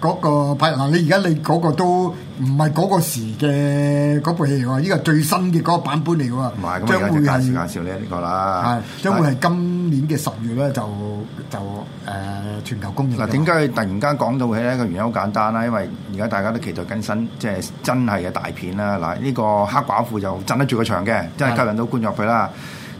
嗰、那個拍嗱，你而家你嗰個都唔係嗰個時嘅嗰部戲嚟喎，呢個最新嘅嗰個版本嚟喎，唔會咁介紹介紹咧呢個啦。係 將會係 今年嘅十月咧，就就誒、呃、全球公映。嗱，點解突然間講到起呢個原因好簡單啦，因為而家大家都期待緊新，即係真係嘅大片啦。嗱，呢個黑寡婦就鎮得住個場嘅，真係吸引到觀眾去啦。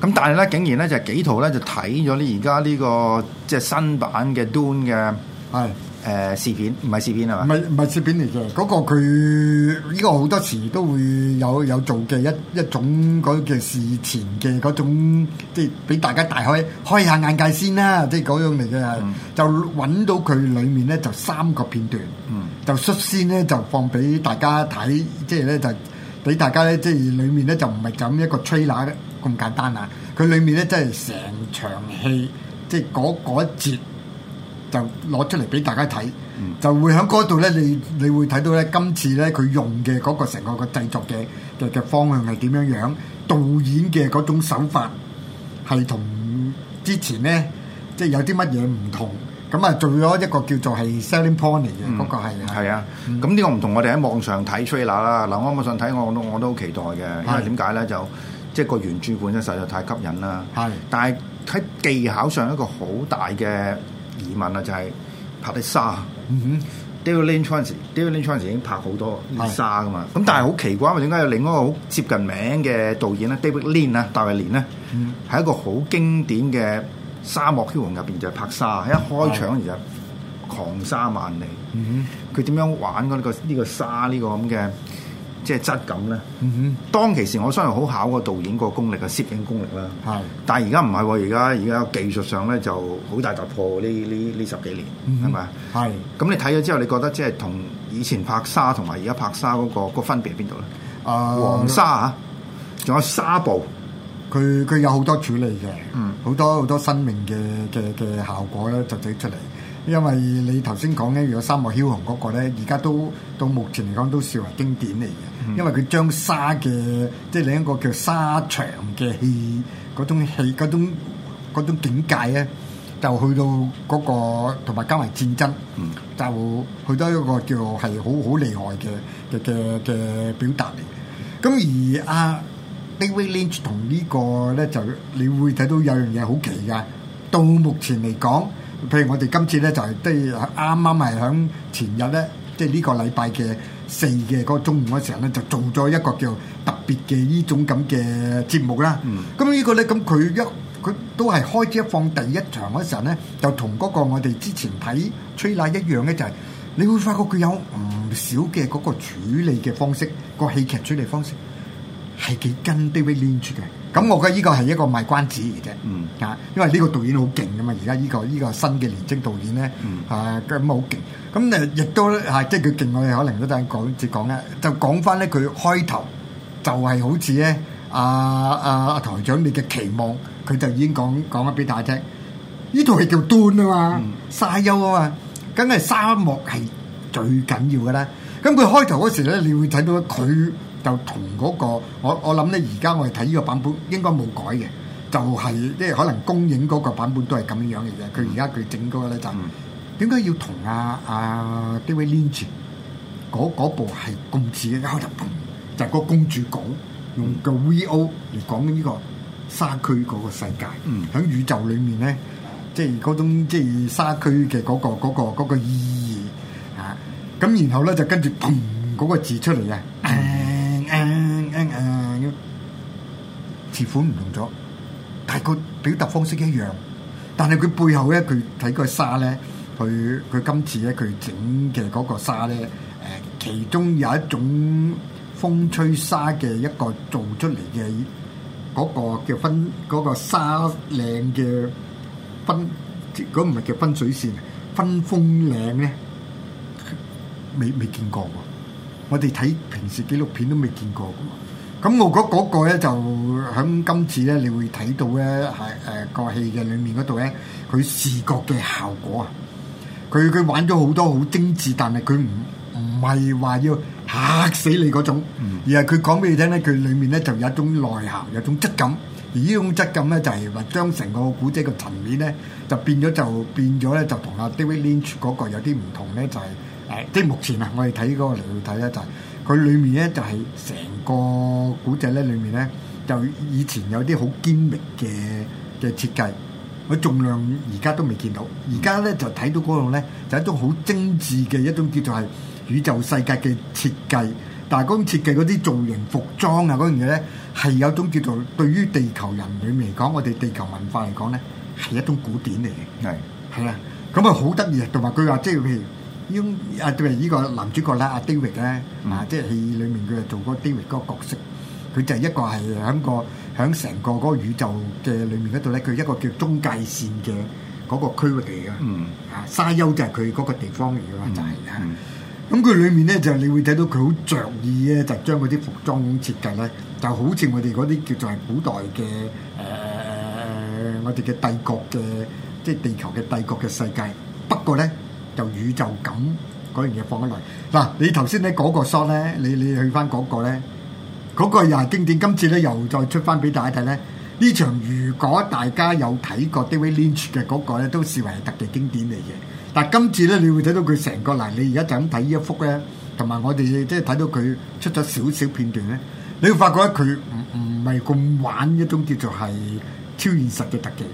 咁是的 但係咧，竟然咧就幾套咧就睇咗咧，而家呢個即係新版嘅 Dune 嘅係。誒、呃、視片唔係視片係嘛？唔係唔係視片嚟嘅，嗰、那個佢呢個好多時都會有有做嘅一一種嘅事前嘅嗰種，即係俾大家大開開下眼界先啦，即係嗰樣嚟嘅。嗯、就揾到佢裡面咧，就三個片段，嗯、就率先咧就放俾大家睇，即係咧就俾大家咧，即係裡面咧就唔係咁一個 trailer 咁簡單啊！佢裡面咧真係成場戲，即係嗰嗰一節。就攞出嚟俾大家睇，就會喺嗰度咧，你你會睇到咧，今次咧佢用嘅嗰個成個嘅製作嘅嘅嘅方向係點樣樣，導演嘅嗰種手法係同之前咧，即係有啲乜嘢唔同。咁啊，做咗一個叫做係 selling point 嚟嘅，嗰、嗯、個係啊。咁呢、嗯、個唔同我哋喺網上睇 trailer 啦。嗱，我網上睇，我我都我都好期待嘅，因為點解咧？就即係個原著本咧，實在太吸引啦。係，但係喺技巧上一個好大嘅。疑問啊，就係、是、拍啲沙、mm hmm.，David Lynch 嗰陣時，David Lynch 嗰陣時已經拍好多啲沙噶嘛。咁 Yes. 但係好奇怪，點解有另一個好接近名嘅導演咧？David Lean 咧，戴維連咧，喺、mm hmm. 一個好經典嘅沙漠梟雄入邊就係拍沙，一開場就、oh. 狂沙萬里。佢點、mm hmm. 樣玩嗰、那、呢個呢、這個沙呢個咁嘅？即係質感咧，嗯、哼當其時我相信好考個導演個功力嘅攝影功力啦，係是，但係而家唔係喎，而家而家技術上咧就好大突破呢呢呢十幾年係咪啊？係，咁你睇咗之後，你覺得即係同以前拍沙同埋而家拍沙嗰、嗰個嗰個分別喺邊度咧？啊、呃，黃沙啊，仲有沙布，佢佢有好多處理嘅，好、嗯、多好多新穎嘅嘅嘅效果咧，就整出嚟。因為你頭先講咧，如果沙漠梟雄個呢》嗰個咧，而家都到目前嚟講都視為經典嚟嘅，因為佢將沙嘅，即係另一個叫沙場嘅戲，嗰種戲嗰種，種境界咧，就去到嗰、那個同埋加埋戰爭，嗯、就去到一個叫係好好厲害嘅嘅嘅嘅表達嚟。咁而阿、啊、David Lynch 同呢個咧，就你會睇到有樣嘢好奇噶，到目前嚟講。譬如我哋今次咧就係啱啱係響前日咧，即係呢個禮拜嘅四嘅嗰中午時候咧，就做咗一個叫特別嘅呢種咁嘅節目啦。咁、嗯、呢個咧咁佢一佢都係開始一放第一場時候咧，就同嗰個我哋之前睇吹奶一樣咧，就係，就係你會發覺佢有唔少嘅嗰個處理嘅方式，嗰個戲劇處理方式。係幾根都要拎出嘅，咁我覺得依個係一個賣關子嘅啫，啊，因為呢個導演好勁噶嘛，而家依個依個新嘅年輕導演咧，啊，咁好勁，咁咧亦都啊，即係佢勁，我哋可能嗰陣講接講咧，就講翻咧佢開頭就係好似咧，阿阿阿台長你嘅期望，佢就已經講講咗俾大家聽，呢套係叫端啊嘛，沙丘啊嘛，梗係沙漠係最緊要噶啦，咁佢開頭嗰時咧，你會睇到佢。就同嗰、那個，我我諗咧，而家我哋睇呢個版本應該冇改嘅，就係即係可能公映嗰個版本都係咁樣嘅啫。佢而家佢整嗰個咧就點、是、解、嗯、要同阿阿 David Lynch 嗰部係咁似嘅，一開頭，就係、是、個公主講用個 VO 嚟講呢個沙區嗰個世界，喺、嗯、宇宙裡面咧，即係嗰種即係沙區嘅嗰個嗰、那個那個、意義嚇。咁、啊、然後咧就跟住嘭嗰個字出嚟啊！嗯嗯嗯，字款唔同咗，但係佢表達方式一樣。但係佢背後咧，佢睇個沙咧，佢佢今次咧，佢整嘅嗰個沙咧，誒其中有一種風吹沙嘅一個做出嚟嘅嗰個叫分嗰、那個沙嶺嘅分，如果唔係叫分水線分風嶺咧，未未見過，過。我哋睇平時紀錄片都未見過㗎嘛，咁我覺得嗰個咧就喺今次咧，你會睇到咧係誒個戲嘅裏面嗰度咧，佢視覺嘅效果啊，佢佢玩咗好多好精緻，但係佢唔唔係話要嚇死你嗰種，而係佢講俾你聽咧，佢裡面咧就有一種內涵，有一種質感，而呢種質感咧就係話將成個古仔嘅層面咧就變咗就變咗咧就同阿 David Lynch 嗰個有啲唔同咧就係、是。即係目前啊，我哋睇嗰個嚟去睇咧，就係佢裡面咧，就係成個古仔咧，裡面咧就以前有啲好堅密嘅嘅設計，我重量而家都未見到。而家咧就睇到嗰個咧，就係一種好精緻嘅一種叫做係宇宙世界嘅設計。但係嗰種設計嗰啲造型服裝啊嗰樣嘢咧，係有種叫做對於地球人類嚟講，我哋地球文化嚟講咧係一種古典嚟嘅。係係啊，咁啊好得意啊，同埋佢話即係譬如。啊，對，呢個男主角咧，阿 David 咧，啊，即係戲裏面佢做個 David 嗰個角色，佢就係一個係喺個喺成個嗰個宇宙嘅裏面嗰度咧，佢一個叫中界線嘅嗰個區域嚟噶，啊、嗯，沙丘就係佢嗰個地方嚟噶，就係咁佢裏面咧就係你會睇到佢好着意咧，就將嗰啲服裝咁設計咧，就好似我哋嗰啲叫做係古代嘅誒，我哋嘅帝國嘅，即係地球嘅帝國嘅世界。不過咧。就宇宙感嗰樣嘢放咗落去嗱，你頭先咧嗰個 shot 咧，你你去翻嗰個咧，嗰個又係經典，今次咧又再出翻俾大家睇咧。呢場如果大家有睇過 David Lynch 嘅嗰個咧，都視為係特技經典嚟嘅。但係今次咧，你會睇到佢成個嗱，你而家就咁睇呢一幅咧，同埋我哋即係睇到佢出咗少少片段咧，你會發覺咧佢唔唔係咁玩一種叫做係超現實嘅特技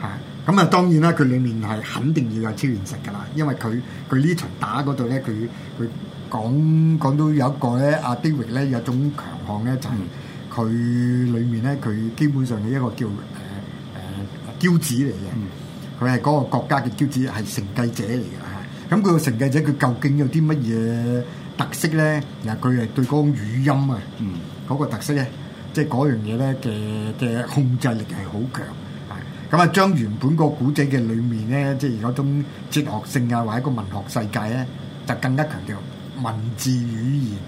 嚇。咁啊，當然啦，佢裏面係肯定要有超現實㗎啦，因為佢佢呢場打嗰度咧，佢佢講講到有一個咧，阿、啊、David 咧有種強項咧，就係、是、佢裏面咧，佢基本上係一個叫誒誒驕子嚟嘅，佢係、嗯、個國家嘅驕子，係承繼者嚟嘅嚇。咁佢個承繼者佢究竟有啲乜嘢特色咧？嗱，佢係對嗰種語音啊，嗰、嗯、個特色咧，即係樣嘢咧嘅嘅控制力係好強。咁啊，將原本個古仔嘅裏面咧，即係有種哲學性啊，或者一個文學世界咧，就更加強調文字語言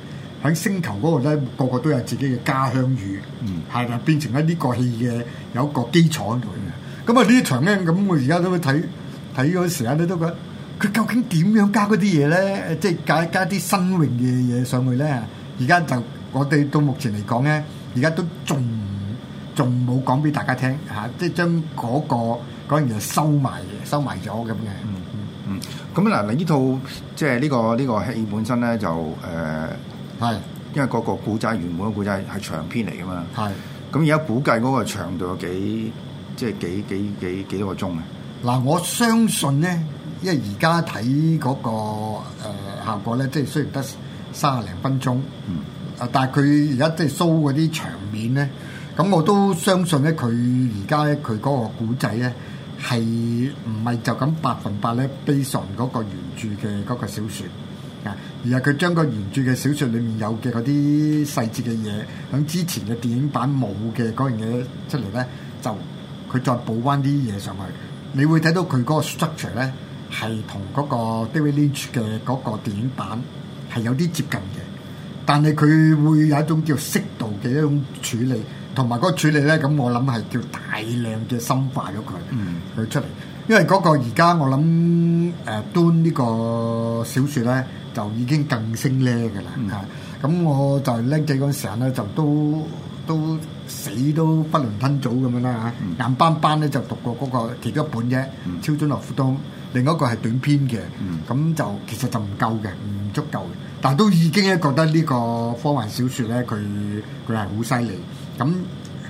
喺星球嗰度咧，個個都有自己嘅家鄉語，嗯，係啦，變成一啲個戲嘅有一個基礎喺度。咁啊，呢場咧，咁我而家都會睇睇咗時間咧，都覺得佢究竟點樣加嗰啲嘢咧，即係加加啲新穎嘅嘢上去咧？而家就我哋到目前嚟講咧，而家都仲。仲冇講俾大家聽吓、啊，即係將嗰、嗰個講完就收埋，收埋咗咁嘅。嗯嗯嗯。咁嗱，嗱呢套即係呢個呢、呢個戲本身咧就誒係，呃、係因為嗰個古仔原本個古仔係長篇嚟噶嘛。係是。咁而家估計嗰個長度有幾即係幾幾幾幾幾幾多個鐘啊？嗱、嗯，我相信咧，因為而家睇嗰個效果咧，即係雖然得三廿零分鐘，嗯，啊，但係佢而家即係 show 嗰啲場面咧。咁我都相信咧，佢而家咧佢嗰個故仔咧係唔係就咁百分百咧 based on 嗰個原著嘅嗰個小說，啊？而係佢將個原著嘅小說裏面有嘅嗰啲細節嘅嘢，響之前嘅電影版冇嘅嗰樣嘢出嚟咧，就佢再補翻啲嘢上去。你會睇到佢嗰個 structure 咧係同嗰個 David Lynch 嘅嗰個電影版係有啲接近嘅，但係佢會有一種叫適度嘅一種處理。同埋嗰個處理咧，咁我諗係叫大量嘅深化咗佢，佢、嗯、出嚟。因為嗰個而家我諗誒端呢個小説咧，就已經更升了了、嗯嗯、呢嘅啦嚇。咁我就係 𡃁 仔嗰陣咧，就都都死都不輪吞組咁樣啦嚇。硬班班咧就讀過嗰個其中一本啫，嗯《超準落庫通》。另一個係短篇嘅，咁、嗯嗯、就其實就唔夠嘅，唔足夠嘅。但係都已經咧覺得個呢個科幻小説咧，佢佢係好犀利。咁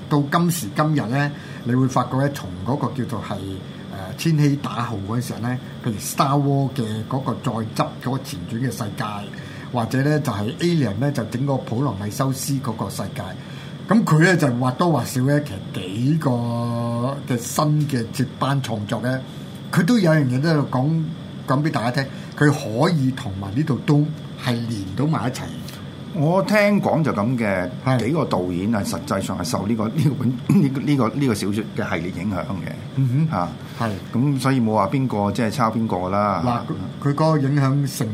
到今時今日咧，你會發覺咧，從嗰個叫做係誒千禧打號嗰陣時咧，譬如 Star Wars 嘅嗰個再執嗰個前傳嘅世界，或者咧就係 Alien 咧就整個普羅米修斯嗰個世界，咁佢咧就或多或少咧，其實幾個嘅新嘅接班創作咧，佢都有樣嘢都喺度講講俾大家聽，佢可以同埋呢度都係連到埋一齊。我聽講就咁嘅幾個導演係實際上係受呢、呢個呢、呢個本呢呢、 呢個呢、呢個小說嘅系列影響嘅，嚇。係咁所以冇話邊個即係抄邊個啦。嗱，佢嗰個影響成，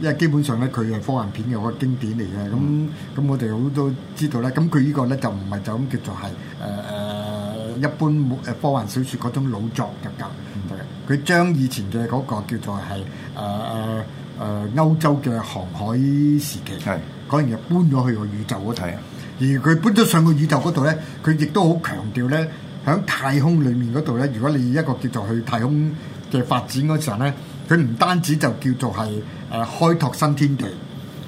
因為基本上咧佢係科幻片嘅一個經典嚟嘅。咁咁、嗯、我哋好多知道咧，咁佢呢個咧就唔係就咁叫做係誒誒一般誒科幻小說嗰種老作就㗎，佢將以前嘅嗰個叫做係誒誒。呃誒、呃、歐洲嘅航海時期，嗰樣就搬咗去個宇宙嗰度，是而佢搬咗上個宇宙嗰度咧，佢亦都好強調咧，喺太空裡面嗰度咧，如果你一個叫做去太空嘅發展嗰時候咧，佢唔單止就叫做係誒開拓新天地，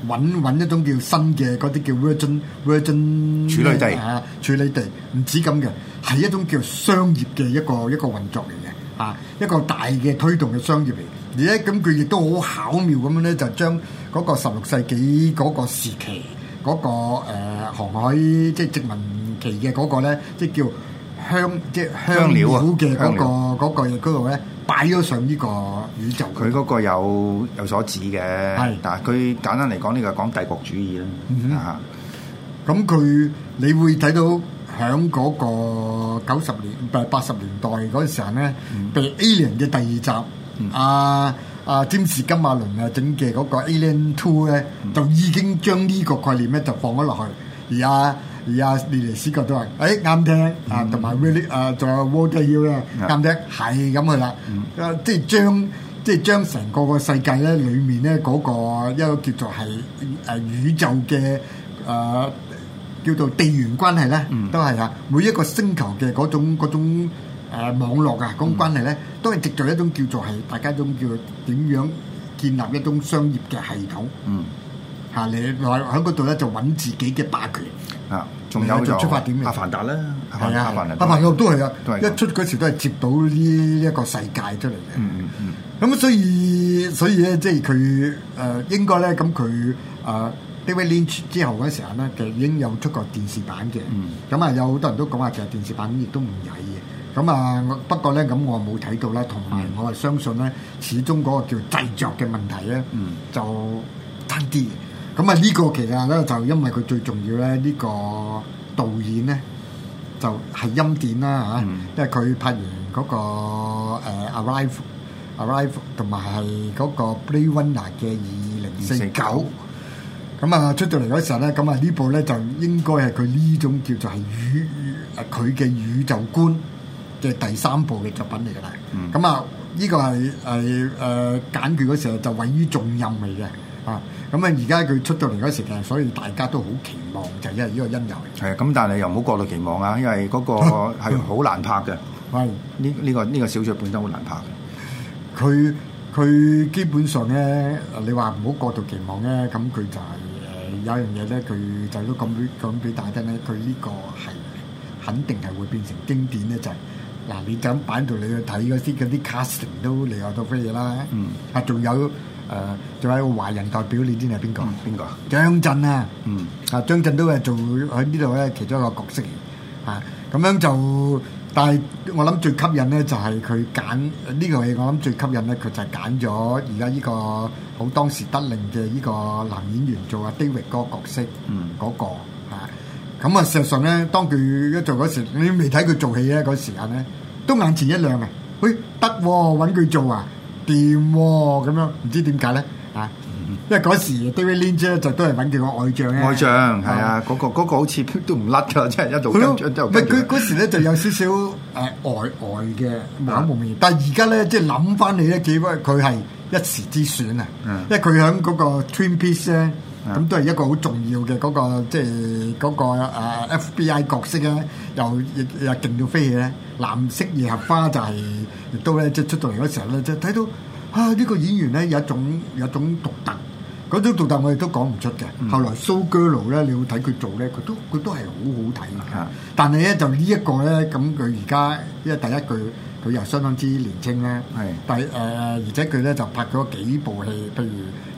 揾揾一種叫新嘅嗰啲叫 Virgin, Virgin Virgin 處理地啊，處理地唔止咁嘅，係一種叫商業嘅一個一個運作嚟嘅嚇，一個大嘅推動嘅商業嚟。而且咁佢亦都好巧妙咁樣咧，就將嗰個十六世紀嗰個時期嗰個航海即殖民期嘅嗰個咧，即叫香即香料嘅嗰個嗰個嗰度咧，擺咗上呢個宇宙。佢嗰、啊、個,個有有所指嘅，是但係佢簡單嚟講，呢、呢個係講帝國主義啦嚇。咁佢、嗯哼啊、你會睇到喺嗰個九十年八十年代嗰陣時咧，嗯《被 Alien》嘅第二集。啊、嗯、啊！詹姆士金馬倫啊，整嘅嗰個 Alien Two 咧，就已經將呢個概念咧就放咗落去。而阿而阿列寧斯格都話，誒啱聽啊，同埋 Really 啊，仲、哎啊、有 Wardell 咧，啱聽，係咁去啦。即係將即係將成個個世界咧，裡面咧嗰、那個一個叫做係誒宇宙嘅誒、呃、叫做地緣關係咧，都係啊，每一個星球嘅嗰種嗰種。誒網絡啊，咁關係咧都係藉助一種叫做係大家一種叫做點樣建立一種商業嘅系統，嚇、嗯啊、你喺嗰度咧就揾自己嘅霸權啊，仲有就出發點、啊、阿凡達啦，係啊，阿凡達都係啊，都係一出嗰時都係接到呢一個世界出嚟嘅，咁、嗯嗯嗯、所以所以咧即係佢誒應該咧咁佢啊。因為 Lynch 之後嗰陣時，其實已經有出過電視版嘅，咁啊，有好多人都講話其實電視版亦都唔曳嘅，咁啊出到嚟嗰陣咧，咁啊呢部咧就應該係佢呢種叫做係宇佢嘅宇宙觀嘅第三部嘅作品嚟㗎啦。咁啊呢個係係誒揀佢嗰時候啊，就位於重任嚟嘅啊。咁啊而家佢出到嚟嗰時嘅，所以大家都好期望，就係因為呢個因由。係咁，但係又唔好過度期望啊，因為嗰個係好難拍嘅。係呢，呢個呢個小説本身好難拍，佢佢基本上咧，你話唔好過度期望咧，咁佢就係、是。有樣嘢咧，佢就都咁俾咁俾大家咧，佢呢個係肯定係會變成經典咧，就係嗱，你就咁擺到你去睇嗰啲啲 casting 都嚟到都飛啦。嗯，啊仲有誒，仲、呃、有一個華人代表你知唔知邊個？邊個、嗯？張震啊。嗯。啊，張震都係做喺呢度咧，其中一個角色。啊，咁樣就。但係我諗最吸引咧，就係佢揀呢個戲。我諗最吸引咧，佢就係揀咗而家呢個好當時得令嘅呢個男演員做阿 David 個角色，嗰個嚇。咁啊，事實上咧，當佢一做嗰時，你未睇佢做戲咧，嗰時間咧都眼前一亮啊！喂，得喎，揾佢做啊，掂喎。咁樣，唔知點解咧。因為嗰時 David Lynch 就都係揾住個外像咧，外像長係、嗯、啊，嗰、那個那個好似都唔甩㗎，即係一度緊唔係佢嗰時咧就有少少誒呆呆嘅冷門演員，但係而家咧即係諗翻你咧，幾番佢係一時之選啊！因為佢喺嗰個 Twin Peaks 咧，咁都係一個好重要嘅嗰、那個即係嗰、那個、呃、FBI 角色咧，又亦勁到飛起咧。藍色夜合花就係、是、亦都咧即係出到嚟嗰時候咧，即係睇到啊呢、這個演員咧有一種有一種獨特。嗰種動作我哋都講唔出嘅，嗯、後來蘇格魯咧，你要睇佢做咧，佢都佢都係好好睇嘅。嗯、但係咧就呢、這、一個咧，咁佢而家因為第一句佢又相當之年青啦。第誒的、呃、而且佢咧就拍咗幾部戲，譬如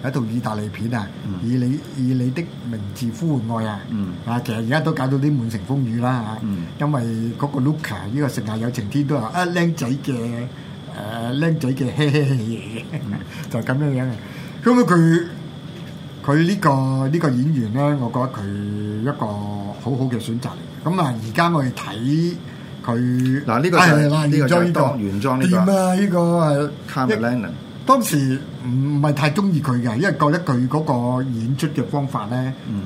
有一套意大利片啊，以你、嗯、以你的名字呼喚愛啊，啊、嗯、其實而家都搞到啲滿城風雨啦嚇、嗯這個啊， 因為嗰個 Luca 呢個《成日有情天》都話啊靚仔嘅誒靚仔嘅嘿嘿，就咁樣樣啊，咁啊佢。佢呢、這個呢、這個演員咧，我覺得佢一個好好嘅選擇嚟嘅。咁啊，而家我哋睇佢嗱呢個就係呢個就係當原裝呢個。點啊？呢個係卡梅蘭，當時唔係太中意佢嘅，因為覺得佢嗰個演出嘅方法咧，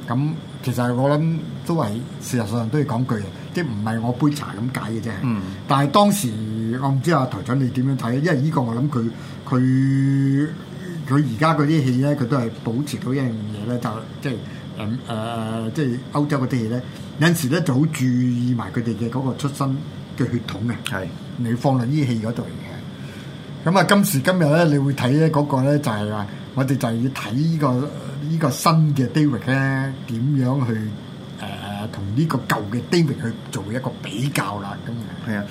咁、嗯、其實我諗都係事實上都要講句，即係唔係我杯茶咁解嘅啫。嗯。但係當時我唔知阿、啊、台長你點樣睇，因為呢個我諗佢佢。佢而家嗰啲戲咧，佢都係保持到一樣嘢咧，就即係誒誒，即係、嗯呃、歐洲嗰啲戲咧，有陣時咧就好注意埋佢哋嘅嗰個出身嘅血統嘅。係是，你放落呢啲戲嗰度嚟嘅。咁、嗯、啊，今時今日咧，你會睇咧嗰個咧、就係，就係話我哋就係要睇呢、呢個依、呢個新嘅 David 咧，點樣去誒同呢個舊嘅 David 去做一個比較啦。咁啊，係啊。